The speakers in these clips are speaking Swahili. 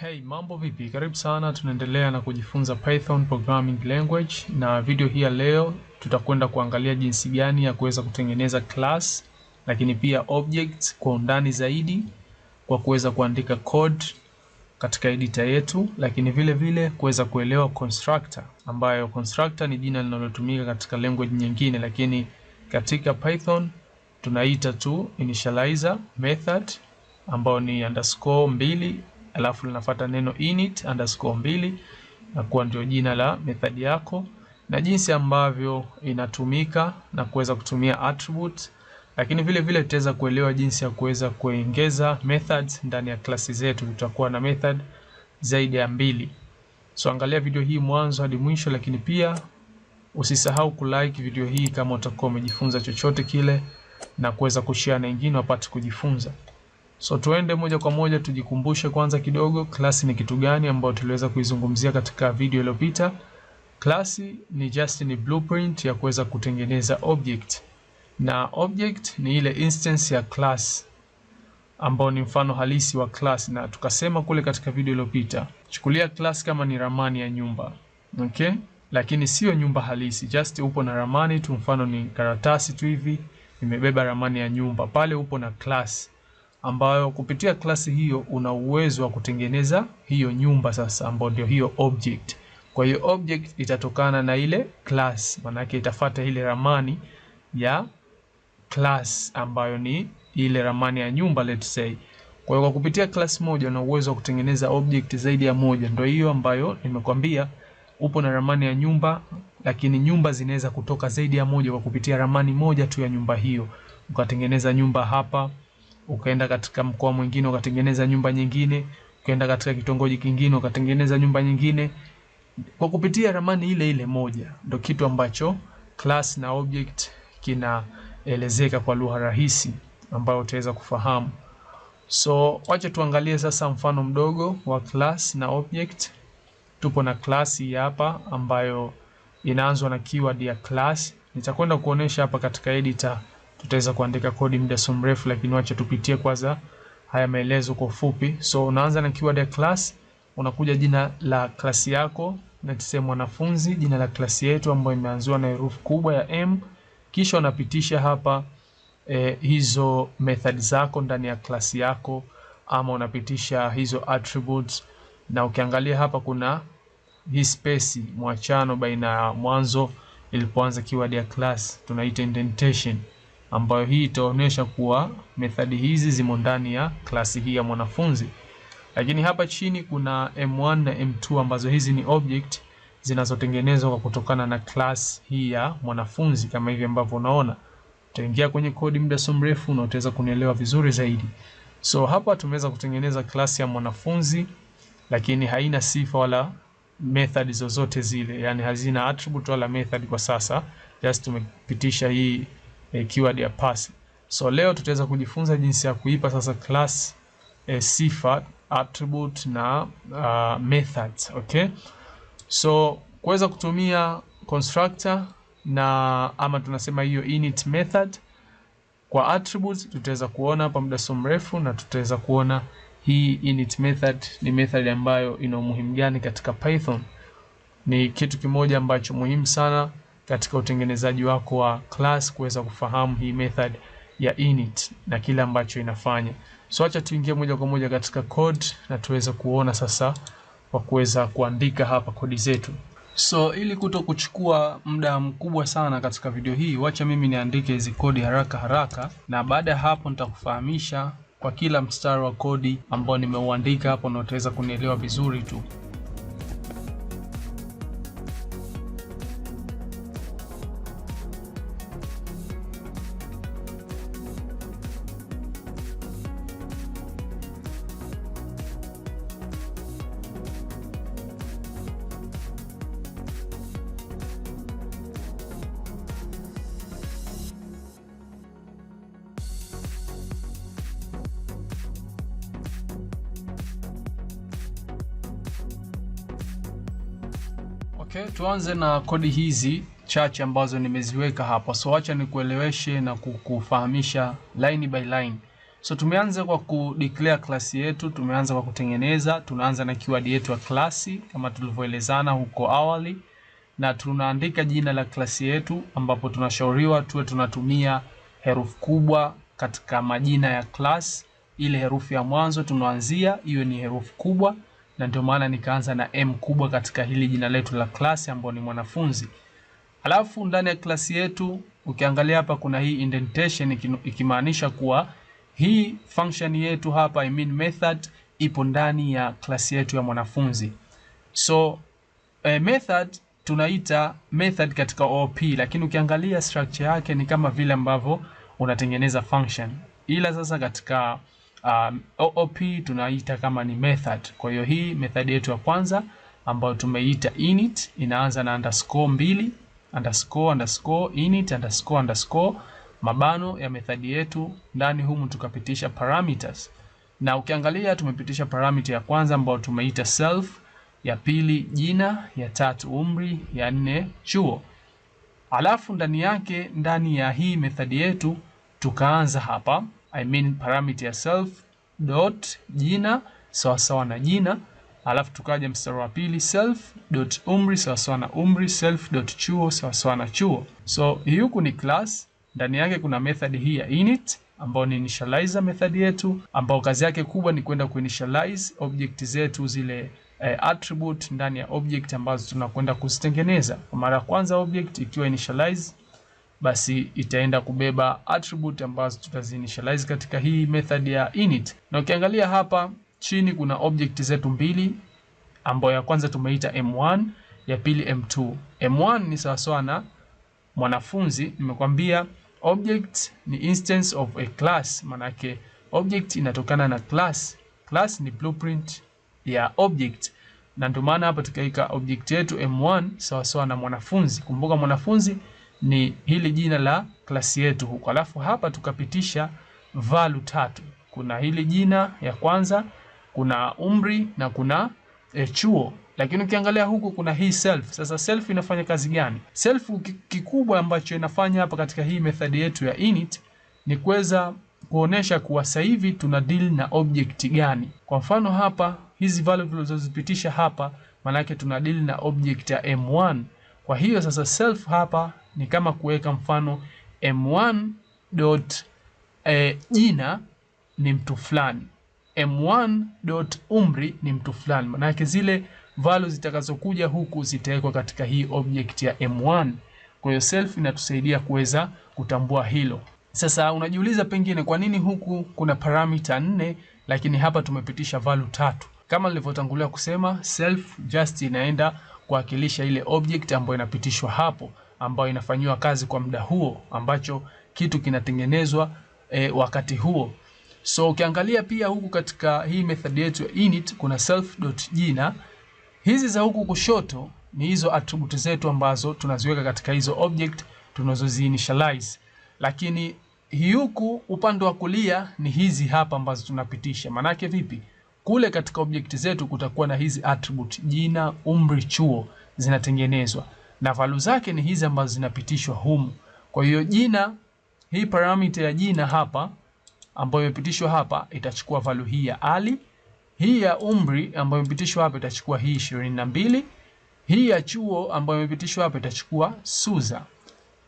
Hey, mambo vipi? Karibu sana, tunaendelea na kujifunza Python programming language, na video hii ya leo tutakwenda kuangalia jinsi gani ya kuweza kutengeneza class lakini pia objects kwa undani zaidi kwa kuweza kuandika code katika editor yetu, lakini vile vile kuweza kuelewa constructor, ambayo constructor ni jina linalotumika katika language nyingine, lakini katika Python tunaita tu initializer method ambayo ni underscore mbili alafu linafuata neno init underscore mbili na kuwa ndio jina la method yako na jinsi ambavyo inatumika na kuweza kutumia attribute, lakini vile vile tutaweza kuelewa jinsi ya kuweza kuongeza methods ndani ya klasi zetu. Tutakuwa na method zaidi ya mbili, so angalia video hii mwanzo hadi mwisho, lakini pia usisahau kulike video hii kama utakuwa umejifunza chochote kile na kuweza kushare na wengine wapate kujifunza. So tuende moja kwa moja tujikumbushe kwanza kidogo klasi ni kitu gani ambayo tuliweza kuizungumzia katika video iliyopita. Klasi ni just ni blueprint ya kuweza kutengeneza object, na object ni ile instance ya class ambayo ni mfano halisi wa class, na tukasema kule katika video iliyopita, chukulia class kama ni ramani ya nyumba okay? Lakini sio nyumba halisi, just upo na ramani tu, mfano ni karatasi tu hivi imebeba ramani ya nyumba, pale upo na class ambayo kupitia klasi hiyo una uwezo wa kutengeneza hiyo nyumba sasa, ambayo ndio hiyo object. Kwa hiyo object itatokana na ile class, maanake itafata ile ramani ya class ambayo ni ile ramani ya nyumba let's say. Kwa hiyo kwa kupitia class moja una uwezo wa kutengeneza object zaidi ya moja, ndio hiyo ambayo nimekwambia upo na ramani ya nyumba, lakini nyumba zinaweza kutoka zaidi ya moja kwa kupitia ramani moja tu ya nyumba hiyo, ukatengeneza nyumba hapa ukaenda katika mkoa mwingine ukatengeneza nyumba nyingine, ukaenda katika kitongoji kingine ukatengeneza nyumba nyingine, kwa kupitia ramani ile ile moja. ndo kitu ambacho class na object kinaelezeka kwa lugha rahisi ambayo utaweza kufahamu. So wacha tuangalie sasa mfano mdogo wa class na object. Tupo na class hii hapa ambayo inaanzwa na keyword ya class. Nitakwenda kuonesha hapa katika editor tutaweza kuandika kodi muda so mrefu, lakini wacha tupitie kwanza haya maelezo kwa ufupi. So unaanza na keyword ya class, unakuja jina la klasi yako na tuseme mwanafunzi, jina la klasi yetu ambayo imeanzwa na herufi kubwa ya M, kisha unapitisha hapa eh, hizo method zako ndani ya klasi yako ama unapitisha hizo attributes, na ukiangalia hapa kuna hii space mwachano baina ya mwanzo ilipoanza keyword ya class tunaita indentation ambayo hii itaonyesha kuwa methodi hizi zimo ndani ya klasi hii ya mwanafunzi. Lakini hapa chini kuna M1 na M2 ambazo hizi ni object zinazotengenezwa kwa kutokana na class hii ya mwanafunzi kama hivi ambavyo unaona. Utaingia kwenye kodi muda si mrefu na utaweza kunielewa vizuri zaidi. So hapa tumeweza kutengeneza klasi ya mwanafunzi lakini haina sifa wala method zozote zile, yani hazina attribute wala method kwa sasa, just tumepitisha hii e, keyword ya pasi. So leo tutaweza kujifunza jinsi ya kuipa sasa class e, sifa attribute na uh, methods, okay? So kuweza kutumia constructor na ama tunasema hiyo init method kwa attributes tutaweza kuona hapa muda so mrefu, na tutaweza kuona hii init method ni method ambayo ina umuhimu gani katika Python. Ni kitu kimoja ambacho muhimu sana katika utengenezaji wako wa class kuweza kufahamu hii method ya init na kile ambacho inafanya. So acha tuingie moja kwa moja katika code na tuweze kuona sasa kwa kuweza kuandika hapa kodi zetu. So ili kuto kuchukua muda mkubwa sana katika video hii, wacha mimi niandike hizi kodi haraka haraka, na baada ya hapo nitakufahamisha kwa kila mstari wa kodi ambao nimeuandika hapo, na utaweza kunielewa vizuri tu. Okay, tuanze na kodi hizi chache ambazo nimeziweka hapa. So acha nikueleweshe na kukufahamisha line by line. So tumeanza kwa ku declare class yetu, tumeanza kwa kutengeneza, tunaanza na keyword yetu ya class kama tulivyoelezana huko awali, na tunaandika jina la class yetu, ambapo tunashauriwa tuwe tunatumia herufi kubwa katika majina ya class. Ile herufi ya mwanzo tunaanzia iwe ni herufi kubwa na ndio maana nikaanza na M kubwa katika hili jina letu la klasi ambao ni mwanafunzi. Alafu ndani ya klasi yetu ukiangalia hapa kuna hii indentation ikimaanisha kuwa hii function yetu hapa, I mean method ipo ndani ya klasi yetu ya mwanafunzi. So eh, method tunaita method katika OP, lakini ukiangalia structure yake ni kama vile ambavyo unatengeneza function, ila sasa katika um, OOP tunaita kama ni method. Kwa hiyo hii method yetu ya kwanza ambayo tumeita init inaanza na underscore mbili underscore underscore init underscore underscore mabano ya method yetu, ndani humu tukapitisha parameters, na ukiangalia tumepitisha parameter ya kwanza ambayo tumeita self, ya pili jina, ya tatu umri, ya nne chuo. Alafu ndani yake ndani ya hii method yetu tukaanza hapa I mean parameter ya self dot jina sawasawa na jina, alafu tukaja mstari wa pili self dot umri sawasawa na umri, self dot chuo sawasawa na chuo. So hii huku ni class, ndani yake kuna method hii ya init ambao ni initializer method yetu, ambao kazi yake kubwa ni kwenda kuinitialize object zetu zile eh, attribute ndani ya object ambazo tunakwenda kuzitengeneza. Kwa mara ya kwanza object ikiwa initialize basi itaenda kubeba attribute ambazo tutazinitialize katika hii method ya init. Na ukiangalia hapa chini kuna object zetu mbili ambayo ya kwanza tumeita m1, ya pili m2. M1 ni sawa sawa na mwanafunzi. Nimekwambia object ni instance of a class, manake object inatokana na class. Class ni blueprint ya object na ndio maana hapa tukaika object yetu m1 sawa sawa na mwanafunzi. Kumbuka mwanafunzi ni hili jina la klasi yetu huko, alafu hapa tukapitisha value tatu. Kuna hili jina ya kwanza, kuna umri na kuna e, chuo. Lakini ukiangalia huku kuna hii self. Sasa self inafanya kazi gani? Self kikubwa ambacho inafanya hapa katika hii method yetu ya init ni kuweza kuonesha kuwa sasa hivi tuna deal na object gani. Kwa mfano hapa hizi value tulizozipitisha hapa, yake tuna deal na object ya M1 kwa hiyo sasa self hapa ni kama kuweka mfano m1 dot e, jina ni mtu fulani, m1 dot umri ni mtu fulani. Maana zile values zitakazokuja huku zitawekwa katika hii object ya m1. Kwa hiyo self inatusaidia kuweza kutambua hilo. Sasa unajiuliza pengine kwa nini huku kuna parameter nne lakini hapa tumepitisha value tatu. Kama nilivyotangulia kusema self just inaenda kuwakilisha ile object ambayo inapitishwa hapo, ambayo inafanyiwa kazi kwa muda huo, ambacho kitu kinatengenezwa e, wakati huo. So ukiangalia pia huku katika hii method yetu ya init kuna self.jina. Hizi za huku kushoto ni hizo attribute zetu ambazo tunaziweka katika hizo object tunazoziinitialize, lakini huku upande wa kulia ni hizi hapa ambazo tunapitisha. Maanake vipi? kule katika object zetu kutakuwa na hizi attribute jina, umri, chuo zinatengenezwa na value zake ni hizi ambazo zinapitishwa humu. Kwa hiyo jina, hii parameter ya jina hapa ambayo imepitishwa hapa itachukua value hii ya Ali, hii ya umri ambayo imepitishwa hapa itachukua hii ishirini na mbili, hii ya chuo ambayo imepitishwa hapa itachukua Suza,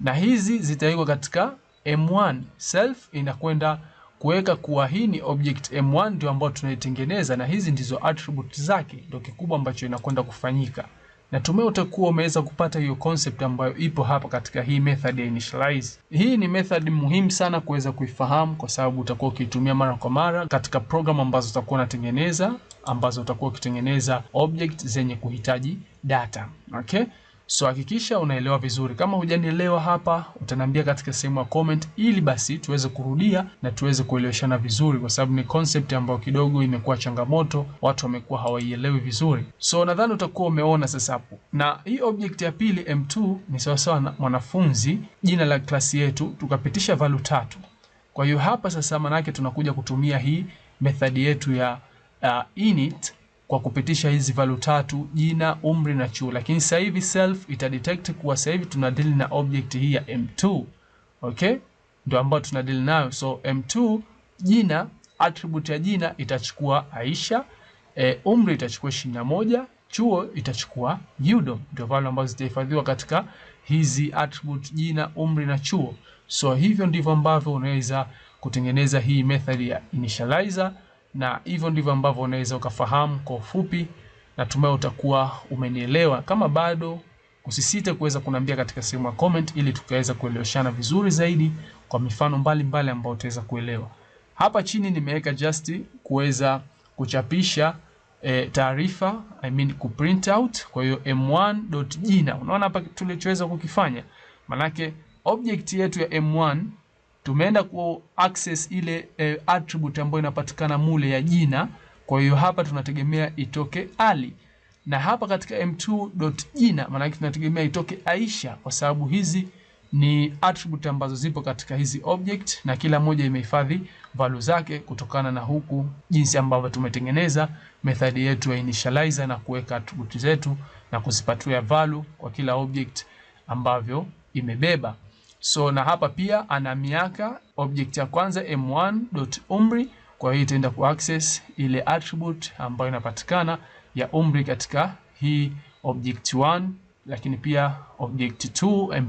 na hizi zitawekwa katika M1 self inakwenda kuweka kuwa hii ni object m1 ndio ambayo tunaitengeneza na hizi ndizo attributes zake, ndio kikubwa ambacho inakwenda kufanyika. Natumai utakuwa umeweza kupata hiyo concept ambayo ipo hapa katika hii method ya initialize. Hii ni method muhimu sana kuweza kuifahamu kwa sababu utakuwa ukiitumia mara kwa mara katika program ambazo utakuwa unatengeneza ambazo utakuwa ukitengeneza object zenye kuhitaji data. Okay? So hakikisha unaelewa vizuri. Kama hujanielewa hapa, utaniambia katika sehemu ya comment, ili basi tuweze kurudia na tuweze kueleweshana vizuri, kwa sababu ni concept ambayo kidogo imekuwa changamoto, watu wamekuwa hawaielewi vizuri. So nadhani utakuwa umeona sasa hapo. Na hii object ya pili M2 ni sawasawa na mwanafunzi, jina la klasi yetu, tukapitisha value tatu. Kwa hiyo hapa sasa, manake tunakuja kutumia hii method yetu ya uh, init kwa kupitisha hizi value tatu, jina, umri na chuo. Lakini sasa hivi self ita detect kuwa sasa hivi tuna deal na object hii ya M2. Okay, ndio ambayo tuna deal nayo. So M2 jina, attribute ya jina itachukua Aisha, e, umri itachukua 21, chuo itachukua UDOM. Ndio value ambazo zitahifadhiwa katika hizi attribute jina, umri na chuo. So hivyo ndivyo ambavyo unaweza kutengeneza hii method ya initializer na hivyo ndivyo ambavyo unaweza ukafahamu kwa ufupi. Natumai utakuwa umenielewa. Kama bado, usisite kuweza kuniambia katika sehemu ya comment, ili tukaweza kueleweshana vizuri zaidi kwa mifano mbalimbali ambayo utaweza kuelewa. Hapa chini nimeweka just kuweza kuchapisha e, taarifa I mean ku print out. Kwa hiyo m1.jina, unaona hapa tulichoweza kukifanya, manake object yetu ya m1 tumeenda ku access ile e, attribute ambayo inapatikana mule ya jina. Kwa hiyo hapa tunategemea itoke Ali, na hapa katika m2.jina maana yake tunategemea itoke Aisha, kwa sababu hizi ni attribute ambazo zipo katika hizi object na kila moja imehifadhi value zake kutokana na huku jinsi ambavyo tumetengeneza method yetu ya initializer na kuweka attribute zetu na kuzipatia value kwa kila object ambavyo imebeba. So na hapa pia ana miaka, object ya kwanza m1.umri. Kwa hiyo itaenda ku access ile attribute ambayo inapatikana ya umri katika hii object 1, lakini pia object 2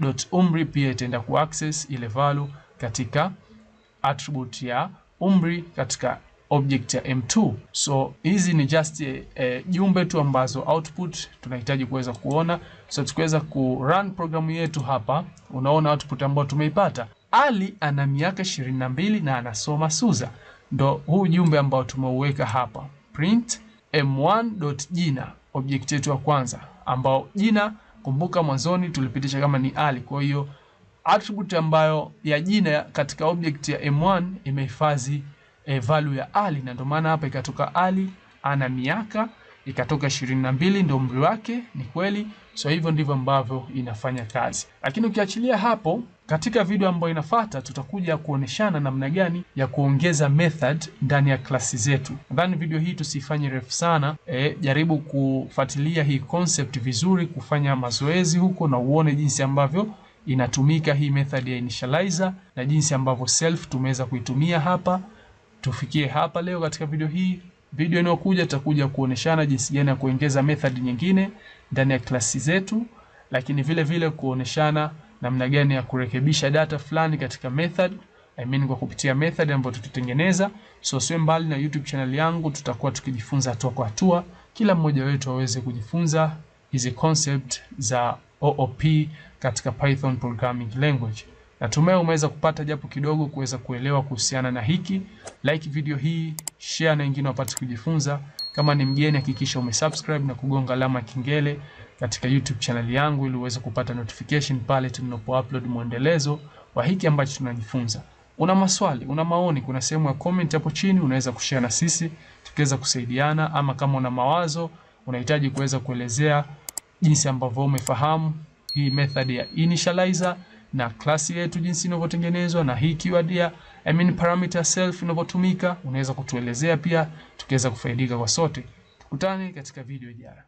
m2.umri pia itaenda ku access ile value katika attribute ya umri katika object ya M2. So hizi ni just eh, eh, jumbe tu ambazo output tunahitaji kuweza kuona. So tukiweza ku run programu yetu hapa, unaona output ambayo tumeipata. Ali ana miaka 22 na na anasoma Suza. Ndo huu jumbe ambao tumeuweka hapa, print m1.jina, object yetu ya kwanza, ambao jina, kumbuka mwanzoni tulipitisha kama ni Ali, kwa hiyo attribute ambayo ya jina katika object ya m1 imehifadhi e, value ya Ali, na ndio maana hapa ikatoka Ali ana miaka ikatoka ishirini na mbili ndio umri wake. Ni kweli, so hivyo ndivyo ambavyo inafanya kazi, lakini ukiachilia hapo, katika video ambayo inafuata tutakuja kuoneshana namna gani ya kuongeza method ndani ya klasi zetu. Nadhani video hii tusifanye refu sana e, jaribu kufuatilia hii concept vizuri, kufanya mazoezi huko na uone jinsi ambavyo inatumika hii method ya initializer na jinsi ambavyo self tumeweza kuitumia hapa tufikie hapa leo katika video hii. Video inayokuja tutakuja kuoneshana jinsi gani ya kuongeza method nyingine ndani ya klasi zetu, lakini vile vile kuoneshana namna gani ya kurekebisha data fulani katika method I mean kwa kupitia method ambayo tutatengeneza. So sio mbali na YouTube channel yangu, tutakuwa tukijifunza hatua kwa hatua, kila mmoja wetu aweze kujifunza hizi concept za OOP katika Python programming language. Natumai umeweza kupata japo kidogo kuweza kuelewa kuhusiana na hiki. Like video hii, share na wengine wapate kujifunza. Kama ni mgeni, hakikisha umesubscribe na kugonga alama kengele katika YouTube channel yangu ili uweze kupata notification pale tunapo upload mwendelezo wa hiki ambacho tunajifunza. Una maswali, una maoni, kuna sehemu ya comment hapo chini unaweza kushare na sisi tukiweza kusaidiana, ama kama una mawazo unahitaji kuweza kuelezea jinsi ambavyo umefahamu hii method ya initializer na klasi yetu jinsi inavyotengenezwa na hii keyword ya I mean parameter self inavyotumika, unaweza kutuelezea pia, tukiweza kufaidika kwa sote. Tukutane katika video ijayo.